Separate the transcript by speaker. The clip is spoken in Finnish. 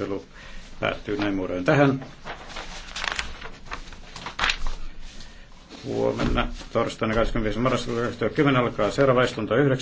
Speaker 1: Keskustelu päättyy näin muodoin tähän. Huomenna torstaina 25. marraskuuta 10 alkaa seuraava istunto 9.